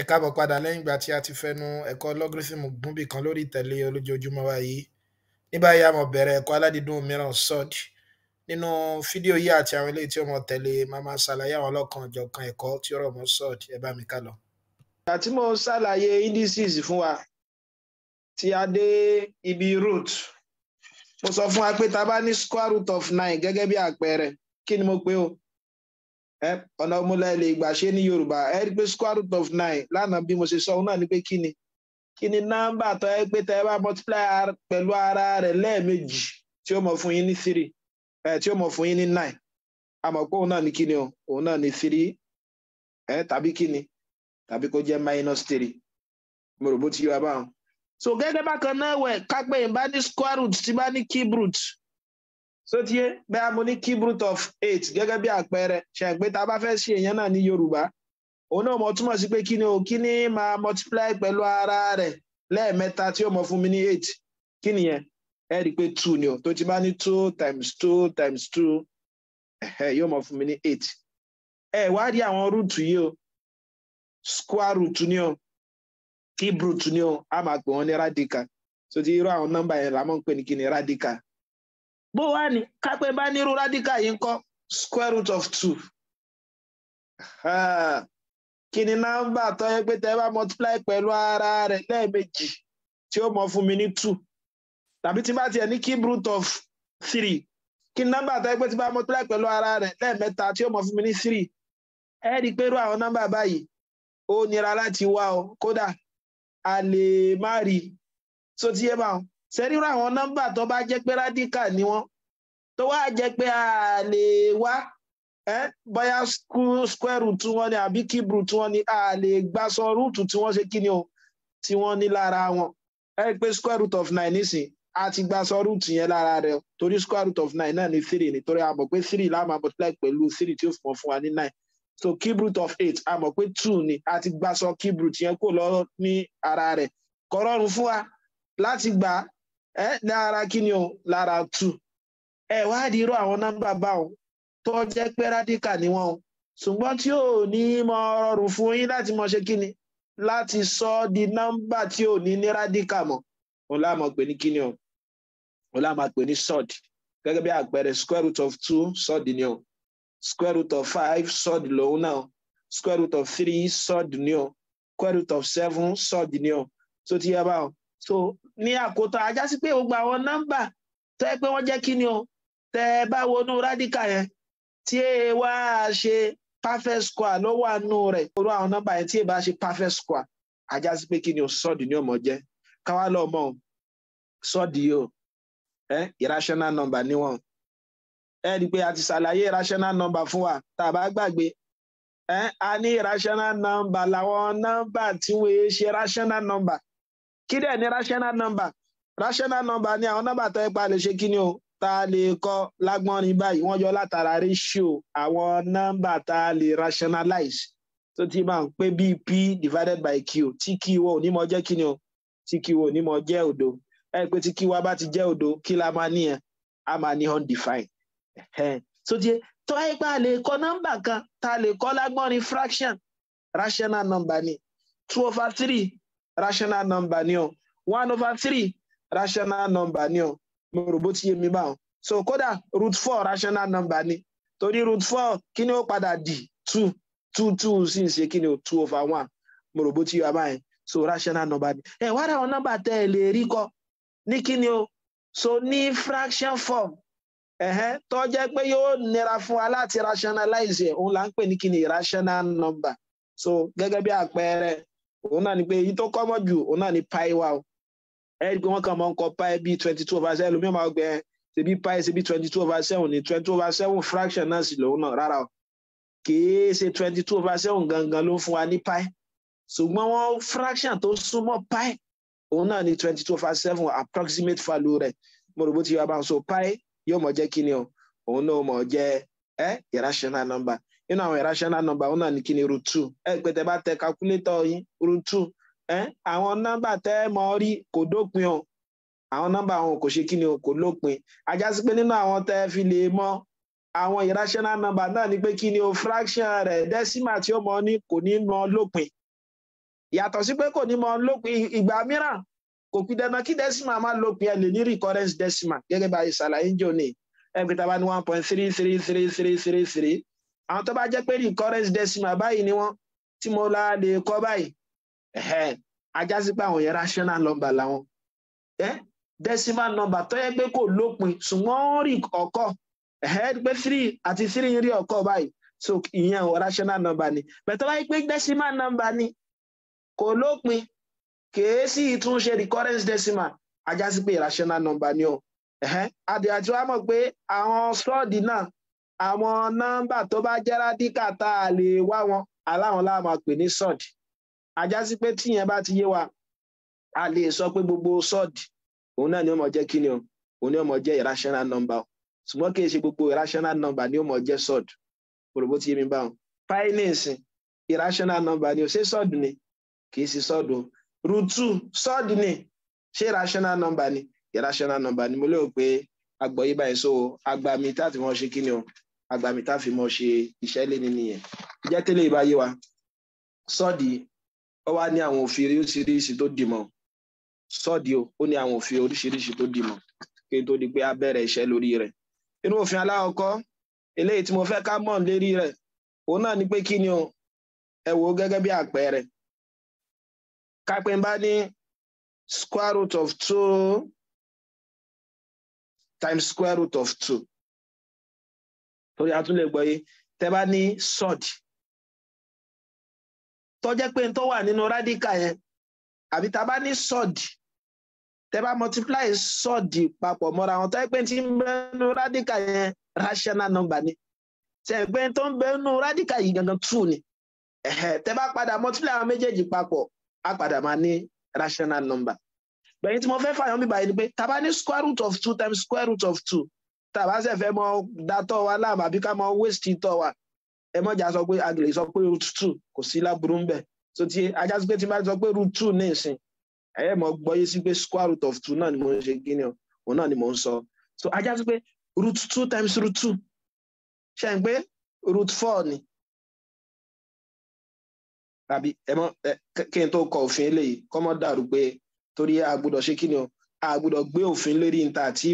ẹ káàbọ̀ padà lẹ́yìn ìgbà tí a ti fẹnu ẹ̀kọ́ lọ́gírísìmù gúnbì kan lórí ìtẹ̀lé olójoojúmọ́ wa yìí ní báyìí a mọ̀ bẹ̀rẹ̀ ẹ̀kọ́ aládìídùn mìíràn sọ́ọ̀d nínú fídíò yìí àti àwọn eléyìí tí ó mọ̀ tẹ̀lé máa máa ṣàlàyé àwọn ọlọ́kan ọ̀jọ̀kan ẹ̀kọ́ tí ó rọ̀ mọ́ sọ́ọ̀d ẹ bá mi ká lọ. ìgbà tí mo ṣàlàyé indices fún wa tí a dé ibi root mo sọ fún wa pé ta bá ní square root of nine gẹ́gẹ́ bí àpẹẹrẹ kí ni mo pe o Eh, ọ̀nà ọmọlẹ̀ lè gbà ṣe ní yorùbá ẹ rí pé square root of nine lánàá bí mo ṣe sọ òun náà ni pé kí ni kí ni nọ́mbà tó ẹ pé tẹ ẹ bá multiply pẹ̀lú ara rẹ̀ lẹ́ẹ̀mejì tí ó mọ̀ fún yín ní three ẹ eh, tí ó mọ̀ fún yín ní nine àmọ̀ pé òun náà ni kí ni o òun náà ni three ẹ eh, tàbí kí ni tàbí kó jẹ́ minus three mo rò bó ti yọ abáwọn. so gẹ́gẹ́ bákan náà wẹ̀ kápẹ́yìn bá ní square root tí bá ní cube root sótíé bẹ́ẹ̀ a mo ní kibrut ọf of eight gẹ́gẹ́ bí àpẹẹrẹ ṣẹ̀gbé tá a bá fẹ́ ṣe èèyàn náà ní Yorùbá òun náà mo túmọ̀ sí o kí ni máa multiply pẹ̀lú ara rẹ̀ lẹ́ẹ̀mẹ́ta tí mọ fún mi ní eight kí nìyẹn ẹ rí ni o tó ti bá ní two times two times two yóò mọ fún mi ní eight ẹ wá rí àwọn o square root ni o cube ni o a máa pè wọ́n ní irú àwọn la ń pè ní radical bó wá ní kápẹ́ bá nírú rádíkà yìí ń square root of two kí ni nọ́mbà tó yẹ pé tẹ́ bá multiply pẹ̀lú ara rẹ̀ lẹ́ẹ̀mejì tí ó mọ fún mi ní two tàbí tí bá tiẹ̀ ní cube root of three kí ni nọ́mbà tó yẹ pé tí bá multiply pẹ̀lú ara rẹ̀ lẹ́ẹ̀mẹ́ta tí ó mọ fún mi ní three ẹ peru i pé irú àwọn nọ́mbà báyìí ó nira láti wá o kódà a lè má rí i ti yé báwọn sẹ́ríra àwọn nọ́mbà tó bá jẹ́ pé rádíkà ni wọ́n tó wá jẹ́ pé a lè wá bóyá square root wọn ni àbí cube root wọn ni a lè gbà sọ root tí wọ́n ṣe kí ni o tí wọ́n ní lára wọn ẹ rí i pé square root of nine nísìn a ti gbà sọ root yẹn lára rẹ torí square root of nine náà ni three nítorí a mọ̀ pé three la máa multiply pẹ̀lú three tí ó fi mọ̀ fún wa ní nine so cube root of eight a mọ̀ pé two ni a ti gbà sọ cube root yẹn kò lọ ní ara rẹ̀ kò fún wa láti gbà lára kí ni o lára two ẹ wádìí irú àwọn nọ́mbà báwọn tó jẹ́ pé rádíkà ni wọ́n o ṣùgbọ́n tí ò ní mọ rọrùn fún yín láti mọ ṣe kí ni láti sọ ọ́ di nọ́mbà tí ò ní ní rádíkà mọ́ òun láà pè ní kí ni o òun pè ní sọ́ọ̀dì gẹ́gẹ́ bí àpẹẹrẹ square root of two sọ́ọ̀dì ni o square root of five sọ́ọ̀dì lòun náà square root of three sọ́ọ̀dì ni o square root of seven sọ́ọ̀dì ni o tó ti yá báwọn so ní àkótán ajá sí pé gbogbo àwọn nọ́mbà tó yẹ pé wọ́n jẹ́ kí ni o tẹ ẹ bá wọnú rádíkà yẹn tí ẹ wá ṣe perfect square ló wà nù rẹ̀ orú àwọn nọ́mbà yẹn tí ẹ bá ṣe perfect square ajá sí pé kí ni o sọ́ọ̀dì ni ọmọ jẹ́ káwá lọ́ọ́ mọ́ o yìí o eh, irrational number ni wọ́n ẹ rí i pé a ti ṣàlàyé irrational number fún wa tá a bá gbàgbé eh, a ní irrational number làwọn nọ́mbà tí wọ́n ṣe irrational number kí dẹ̀ ni rational number rational number ni àwọn nọ́mbà tó ipa lè ṣe kí ni o ta lè kọ lágbọ́n ní báyìí wọ́n yọ látara ratio àwọn nọ́mbà ta lè rationalize tó ti máa ń pé bíi p divided by q tí q wo ní mọ jẹ́ kí ni o tí q wo ní mọ jẹ́ òdo ẹ pé tí q wa bá ti jẹ́ òdo kí la máa ní ẹ a máa ní undefined tó ti tó ipa lè kọ nọ́mbà kan ta lè kọ lágbọ́n ní fraction rational number ni two over three rational number ni o one over three rational number ni o mo rò bó ti yé so kódà root four rational number ni torí root four kí ni padà di two two two sí ń ṣe kí ni o two over one mo rò bó ti so rational number ni ẹ wá tẹ ni o so ní fraction form ẹ̀hẹ́n jẹ́ pé yóò nira fún wa láti rationalize ni number so gẹ́gẹ́ bí àpẹẹrẹ òun náà ni pé èyí tó kọ́mọ̀ jù òun náà ni pi wa o ẹ rí i pé wọ́n kàn máa ń kọ pi bí twenty two over seven ẹlòmíràn máa gbẹ ṣe bí pi ṣe bí twenty two over seven ní twenty two over seven fraction náà sì lòun náà rárá o kìí ṣe twenty two over seven gangan ló fún wa ní pi ṣùgbọ́n wọ́n fraction tó súnmọ́ pi òun náà ni twenty two over seven approximate value rẹ̀ mo rò bó ti yọ abáwọn so pi yóò mọ̀ jẹ́ kí ni o òun náà mọ̀ jẹ́ ẹ́ irrational number nínú àwọn irrational number òun náà kini root two ẹ bá tẹ calculator yín root two ẹ eh, àwọn nọ́mbà tẹ mọ rí kò dópin o àwọn nọ́mbà àwọn kò ṣe kí o nínú àwọn tẹ fi lè mọ àwọn irrational number náà ni pé kini o fraction rẹ decimal tí ó mọ ní kò ní mọ lópin yàtọ̀ sí kò ní mọ lópin ìgbà mìíràn kò dandan kí decimal lópin ẹ lè ní recurrence decimal gẹ́gẹ́ àwọn tó bá jẹ́ pé recurrence decimal báyìí ni wọ́n tí mo la lè kọ́ báyìí ajá sí pé àwọn yẹn rational number làwọn decimal number tó yẹ pé kò lópin ṣùgbọ́n rí ọkọ pé three àti three rí ọkọ báyìí so ìyẹn ò rational number ni bẹ̀tọ́ báyìí pé decimal number ni kò lópin kèé sí ìtúnṣe recurrence decimal ajá sí pé irrational number ni o àdìyàtí wa mọ̀ pé àwọn sọ́ọ̀dì náà àwọn nọ́mbà tó bá jẹ́ rádíkà tá a lè wá wọn aláwọn la máa pè ní sọ́ọ̀dì ajá sí pé tíyẹn bá ti yé wa a lè sọ pé gbogbo sọ́ọ̀dì òun náà ni ó mọ̀ jẹ́ kí o òun ni ó mọ̀ jẹ́ irrational number o ṣùgbọ́n kì í ṣe gbogbo irrational number ni ó mọ̀ jẹ́ sọ́ọ̀dì òròbó ti yé mi báwọn finance irrational number ni o ṣé sọ́ọ̀dì ni kì í ṣe sọ́ọ̀dì o root two ni ṣé irrational number ni irrational number ni mo lérò pé agbọ̀yé báyìí so agbami táti wọn ṣe kí ni o agbami tá a fi mọ ṣe iṣẹ́ lé ní nìyẹn jẹ́ tẹ́lẹ̀ ìbáyé wa sọ́ọ̀dì ó wá ní àwọn òfin oríṣiríṣi tó dì mọ́ sọ́ọ̀dì o ó ní àwọn òfin oríṣiríṣi tó dì mọ́ kí n tó di pé a iṣẹ́ lórí rẹ̀ inú òfin aláwọ̀kọ́ eléyìí tí mo fẹ́ ká mọ̀ lérí rẹ̀ òun náà ni pé kí ni o ẹ wò ó gẹ́gẹ́ bí àpẹẹrẹ kápẹ́ bá ní square root of two times square root of two torí a tún lè gbọ́ yé tẹ́ bá ní sod tó pé n tó wà nínú radical yẹn àbí tá a bá ní sod tẹ́ bá multiply sod papọ̀ mọ́ra wọn tó jẹ́ pé tí ń bẹ nínú radical yẹn rational number ni tẹ́ pé tó ń bẹ nínú radical yìí gangan two ni tẹ́ bá padà multiply àwọn méjèèjì papọ̀ á padà máa ní rational number gbẹ̀yìn tí mo fẹ́ fàyàn bíbá yìí ni pé tá a bá ní square root of two times square root of two tàbá ṣe fẹ́ mọ dátọ́ wa láàmú àbí ká mọ wéṣítì tọ́ wa ẹ mọ̀jà sọ pé a lè sọ pé root two kò sí láburú ń bẹ̀ so ti ajá sí pé tí n bá sọ pé root ní ìsìn ẹ̀yẹ́ mọ̀ gbọ́yé sí pé square root of two náà ni mo ń ṣe gíní o òun náà ni mo ń sọ so ajá sí pé root two times root two ṣe ń pé root four ni àbí ẹ mọ kí n tó kọ òfin eléyìí kọ́mọ́ dàrú pé torí a ṣe kí o a gbé òfin lórí níta àti